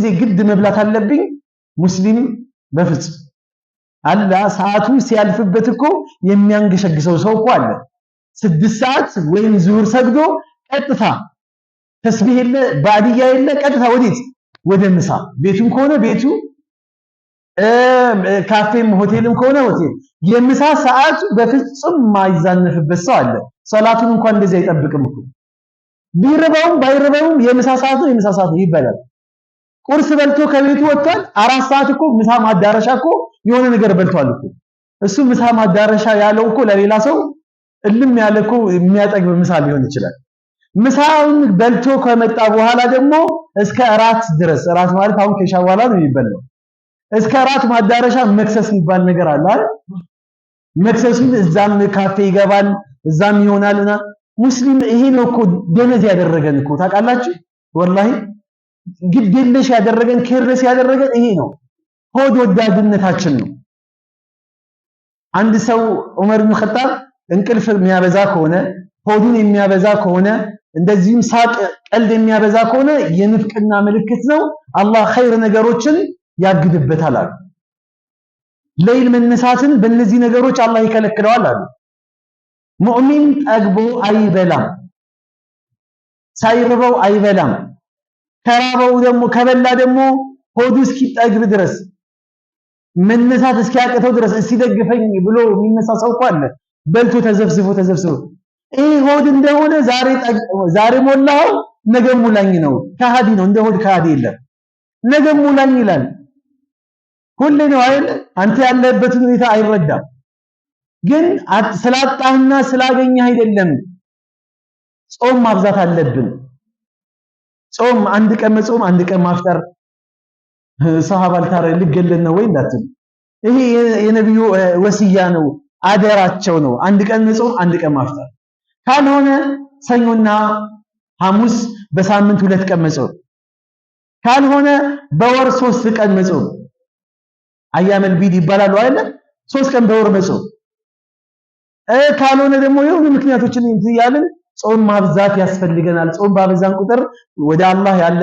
ጊዜ ግድ መብላት አለብኝ? ሙስሊም በፍጹም አላ ሰዓቱ ሲያልፍበት እኮ የሚያንገሸግሰው ሰው እኮ አለ። ስድስት ሰዓት ወይም ዙሁር ሰግዶ ቀጥታ ተስቢህ የለ ባዲያ የለ ቀጥታ ወዴት ወደ ምሳ። ቤቱም ከሆነ ቤቱ፣ ካፌም ሆቴልም ከሆነ ሆቴል። የምሳ ሰዓቱ በፍጹም ማይዛነፍበት ሰው አለ። ሰላቱን እንኳን እንደዚህ አይጠብቅም እኮ ቢርበውም ባይርበውም የምሳ ሰዓቱ የምሳ ሰዓቱ ይባላል። ቁርስ በልቶ ከቤቱ ወጥቷል። አራት ሰዓት እኮ ምሳ ማዳረሻ እኮ የሆነ ነገር በልቷል እኮ እሱ ምሳ ማዳረሻ ያለው እኮ ለሌላ ሰው እልም ያለ እኮ የሚያጠግብ ምሳ ሊሆን ይችላል። ምሳውን በልቶ ከመጣ በኋላ ደግሞ እስከ እራት ድረስ እራት ማለት አሁን ከሻ በኋላ ነው የሚበላው። እስከ እራት ማዳረሻ መክሰስ የሚባል ነገር አለ አይደል? መክሰሱን እዛም ካፌ ይገባል እዛም ይሆናልና ሙስሊም ይሄ ነው እኮ ደነዝ ያደረገን እኮ ታውቃላችሁ ወላሂ ግዴለሽ ያደረገን ኬርለስ ያደረገን ይሄ ነው። ሆድ ወዳድነታችን ነው። አንድ ሰው ዑመር ብን ኸጣብ እንቅልፍ የሚያበዛ ከሆነ ሆዱን የሚያበዛ ከሆነ እንደዚህም ሳቅ፣ ቀልድ የሚያበዛ ከሆነ የንፍቅና ምልክት ነው። አላህ ኸይር ነገሮችን ያግድበታል አሉ። ሌይል መነሳትን በእነዚህ ነገሮች አላህ ይከለክለዋል አሉ። ሙእሚን ጠግቦ አይበላም፣ ሳይርበው አይበላም። ከራበው ደግሞ ከበላ ደግሞ ሆዱ እስኪጠግብ ድረስ መነሳት እስኪያቅተው ድረስ እስኪደግፈኝ ብሎ የሚነሳ ሰው እኮ አለ። በልቶ ተዘፍዝፎ ተዘፍዝፎ ይህ ሆድ እንደሆነ ዛሬ ዛሬ ሞላው ነገ ሙላኝ ነው። ከሃዲ ነው። እንደ ሆድ ከሃዲ የለም። ነገ ሙላኝ ይላል። ሁሌ ነው አይደል? አንተ ያለህበትን ሁኔታ አይረዳም። ግን ስላጣህና ስላገኘህ አይደለም። ጾም ማብዛት አለብን። ጾም አንድ ቀን መጾም አንድ ቀን ማፍጠር ሰሃባ ልታረ ልገለን ነው ወይ እንዳትሉ፣ ይሄ የነብዩ ወሲያ ነው፣ አደራቸው ነው። አንድ ቀን መጾም አንድ ቀን ማፍጠር ካልሆነ ሰኞና ሐሙስ በሳምንት ሁለት ቀን መጾም ካልሆነ በወር ሶስት ቀን መጾም አያመል ቢድ ይባላሉ አይደል? ሶስት ቀን በወር መጾም ካልሆነ ደግሞ የሆኑ ምክንያቶችን እያልን ጾም ማብዛት ያስፈልገናል። ጾም ባበዛን ቁጥር ወደ አላህ ያለ